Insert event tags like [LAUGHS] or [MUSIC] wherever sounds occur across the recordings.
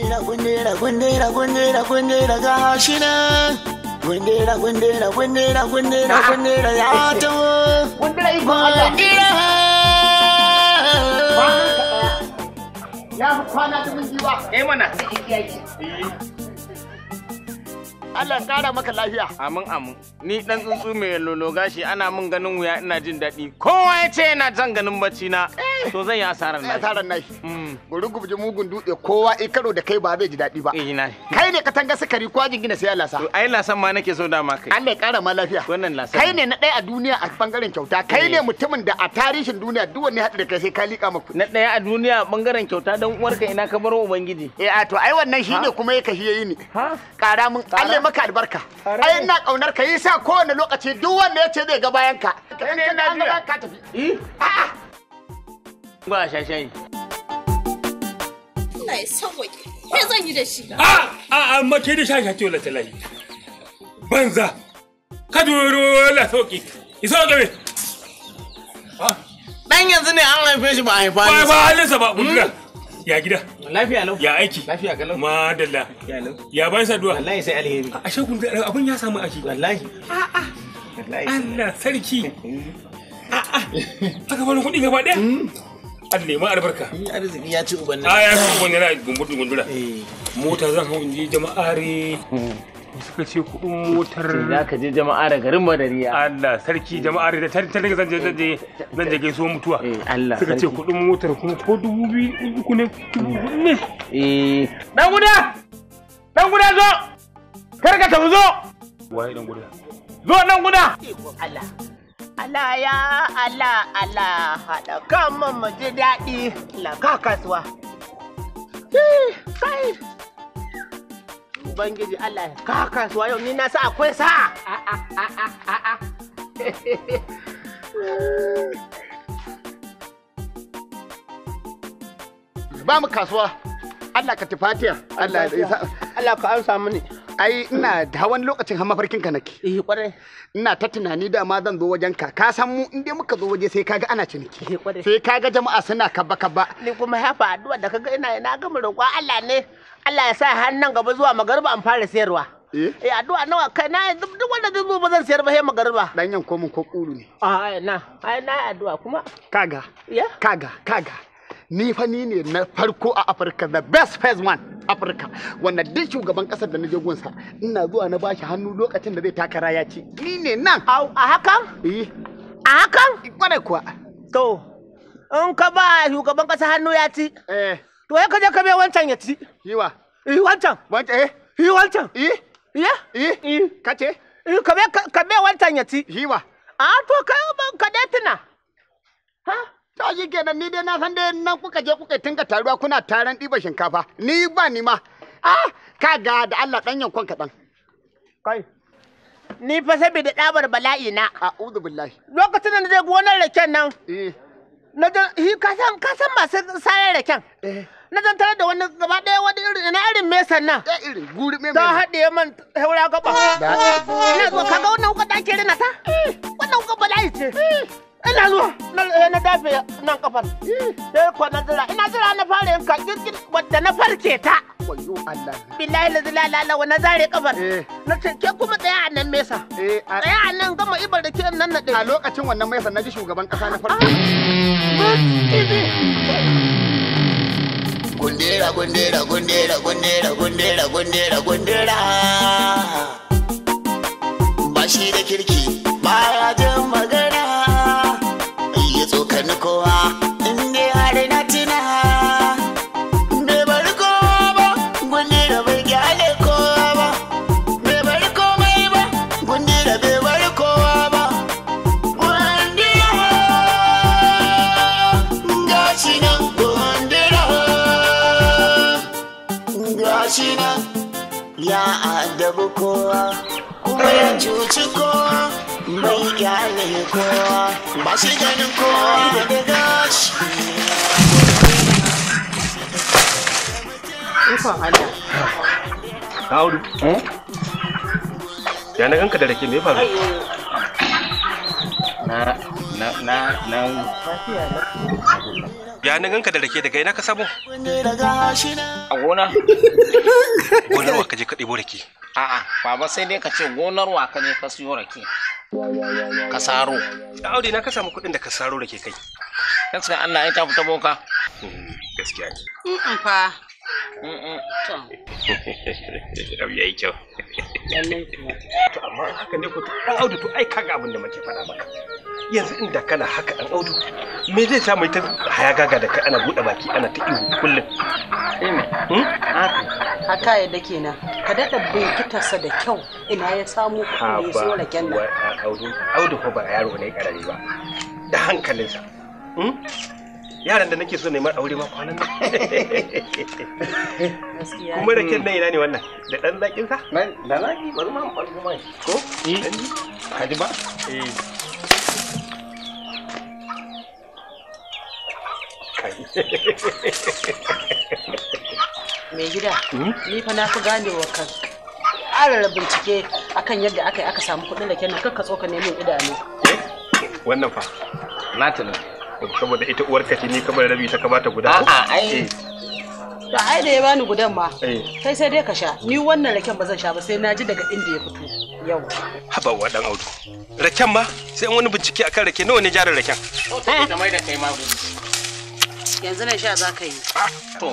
gundera gundera gundera gundera gundera ga shi nan gundera gundera gundera gundera ah. gundera ya taho gundera ya kwana jiwa eh mana Allah kara maka lafiya. Amin amin. Ni dan tsuntsu mai lolo gashi ana mun ganin wuya ina jin daɗi. Kowa ya ce yana jan ganin bacci na. Eh. To zan yi asarar nashi. Asarar nashi. Gurugub hmm. ji mugun dutse kowa in karo da kai ba zai ji daɗi ba. Eh Kai ne ka tanga sukari ko gina sai Allah sa. Ai lasan ma nake so dama kai. Allah kara ma lafiya. Wannan lasan. Kai ne na ɗaya a duniya a bangaren kyauta. Kai ne eh. mutumin da a tarihin duniya duk wani haɗu da kai sai ka liƙa maku. Na ɗaya a duniya bangaren kyauta dan uwarka ina ka baro ubangiji. Eh a to ai wannan shine kuma yake shi yayi ni. Ha? Kara mun Allah yi maka albarka ai ina kaunar ka yasa kowane lokaci duk wanda yace zai ga bayan ka kai ne ina ka tafi a'a ba shashayi ya zan yi da shi a a amma ke da shashayi wala talahi banza ka duro la sauki iso ga me dan yanzu ne an haife shi ba a haifa ba ba ba mun Ya gida. Lafiya lau. Ya aiki. Lafiya kalau. Madalla. Ya lau. Ya ban saduwa. Wallahi sai alheri. A shekun abun ya samu aiki. Wallahi. A'a. Wallahi. Allah sarki. [LAUGHS] A'a. Taka bani kuɗi gaba ɗaya. Hmm. An nemi albarka. Ni Arziki ya ci ubanna. A ah, ya ci ubanna na gumbur Eh. Mota zan hau inji je jama'are. Hmm. suka ce kudin motar za ka je jama'a da garin madariya Allah sarki jama'a da ta da daga zanje zanje zanje so mutuwa eh, Allah suka ce kudin motar kuma ko dubu biyu uku ne dubu ne eh dan guda dan guda zo kar ka tafi zo waye dan guda zo dan guda Allah Allah ya Allah Allah hada kan mu ji daɗi la kasuwa ubangiji Allah ya ka kasuwa yau ni na sa akwai sa [LAUGHS] ba mu kasuwa Allah ka tufatiya Allah ya Allah ka amsa mini ai ina da hawan lokacin har mafarkin ka nake eh kwarai ina ta tunani da ma zan zo wajen ka ka san mu in muka zo waje sai kaga ana ciniki eh, sai kaga jama'a suna kabba kabba ni kuma hafa addu'a da kaga ina ina ga mu roƙo Allah ne Allah ya sa hannun gaba zuwa magariba an fara sayarwa eh, eh addu'a nawa kai na duk wanda zai zo ba zan sayar ba sai magariba dan yan ko mun ko kulu ne a ah, na ai na addu'a kuma kaga kaga kaga ni fa ni ne na farko a Afirka the best phase one afirka wannan duk shugaban kasar da na je gunsa ina zuwa na bashi hannu lokacin da zai taka raya ce ni ne nan a hakan eh. a hakan kwarai eh, kuwa to in ka ba shugaban kasa hannu ya ci eh To ya kaje ka bai wancan ya ci. Yiwa. Yi eh, wancan. Wancan eh. Yi eh, wancan. Yi. Iya. Yi. Eh. Ka ce. Ka bai ka bai wancan ya ci. Yiwa. A to ka ka dai tuna. Ha? kenan ni dai na san dai nan kuka je kuka taruwa kuna taron ɗiba shinkafa. Ni ba ni ma. Ah, ka ga da Allah ɗan yankon Kai. Ni fa bala'i na. A'udhu billahi. Lokacin da na je gonar raken nan. Eh. Na ka san masu sayar raken. Eh. na zan tare da wani gaba ɗaya wani irin ina irin me sannan da irin guri me ta haɗe man haura gaba ina zuwa kaga wannan wuka da ake ta wannan wuka bala'i ce ina zuwa na eh, dafe nan kafar sai ko na zira ina zira na fara yin kakirkin wadda na farke ta wayo Allah billahi la zilala wa na zare kafar eh. na ce ke kuma tsaya a nan mesa eh, tsaya a nan gama ibar da ke nan na ɗaya a lokacin wannan mesa na ji shugaban ƙasa na farko ah! Gundera, gundera, gundera, gundera, gundera, gundera, gundera. Ba da kirki, ba yabi kowa kuma ya cuci kowa bai kyale kowa ba shi ganin kowa da gashi Ikon Allah. Eh? Ya na ganka da rake me faru? Na na na na. Ya na ganka da rake daga ina ka samu? A gona. Gonar wa ka je ka ɗebo rake. A'a, baba sai dai ka ce gonar waka ne ka siyo rake. Ka saro. Da aure na ka samu kuɗin da ka saro rake kai. Gaskiya Allah ya tafi ta boka. Hmm, gaskiya ne. Mm fa. To. [LAUGHS] Abu yayi kyau. To amma haka ne ku Audu to ai kaga abin da muke faɗa maka. Yanzu inda kana haka ɗan Audu me zai sa mai ta haya gaga da kai ana buɗe baki ana ta ihu kullum. Eh me? Hmm? haka yadda nan ka daɗa bikitarsa da kyau ina ya samu da ya siyo audu ko ba yaro ne karami ba da hankalinsa hmm? yaran da nake so neman aure ma kwanan nan kuma ne wannan da ɗan zaƙin da zaƙi bari ma ko eh. [LAUGHS] mai gida hmm? ni fa na fi gane wa kan ƙarara bincike akan yadda aka yi aka samu kuɗin da kenan kakka tsoka neman idanu eh? wannan fa na tana saboda ita uwar ka ce ni kamar rabi ta kamata guda a ai eh. to ai da ya bani gudan ma sai eh. sai dai ka sha ni wannan raken ba zan sha ba sai na ji daga inda ya fito yau haba wa dan audu raken ma sai an wani bincike akan rake nawa ne jarin raken to ta mai da kai ma yanzu ne sha za ka yi ah, to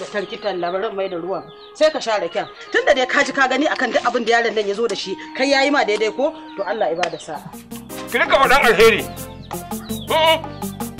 da tarkitan labarin mai da ruwan sai ka sha raken tun da dai ka ji ka gani akan duk abin da yaron nan ya zo da shi kai yayi ma daidai ko to Allah ya da sa'a ki rika faɗan alheri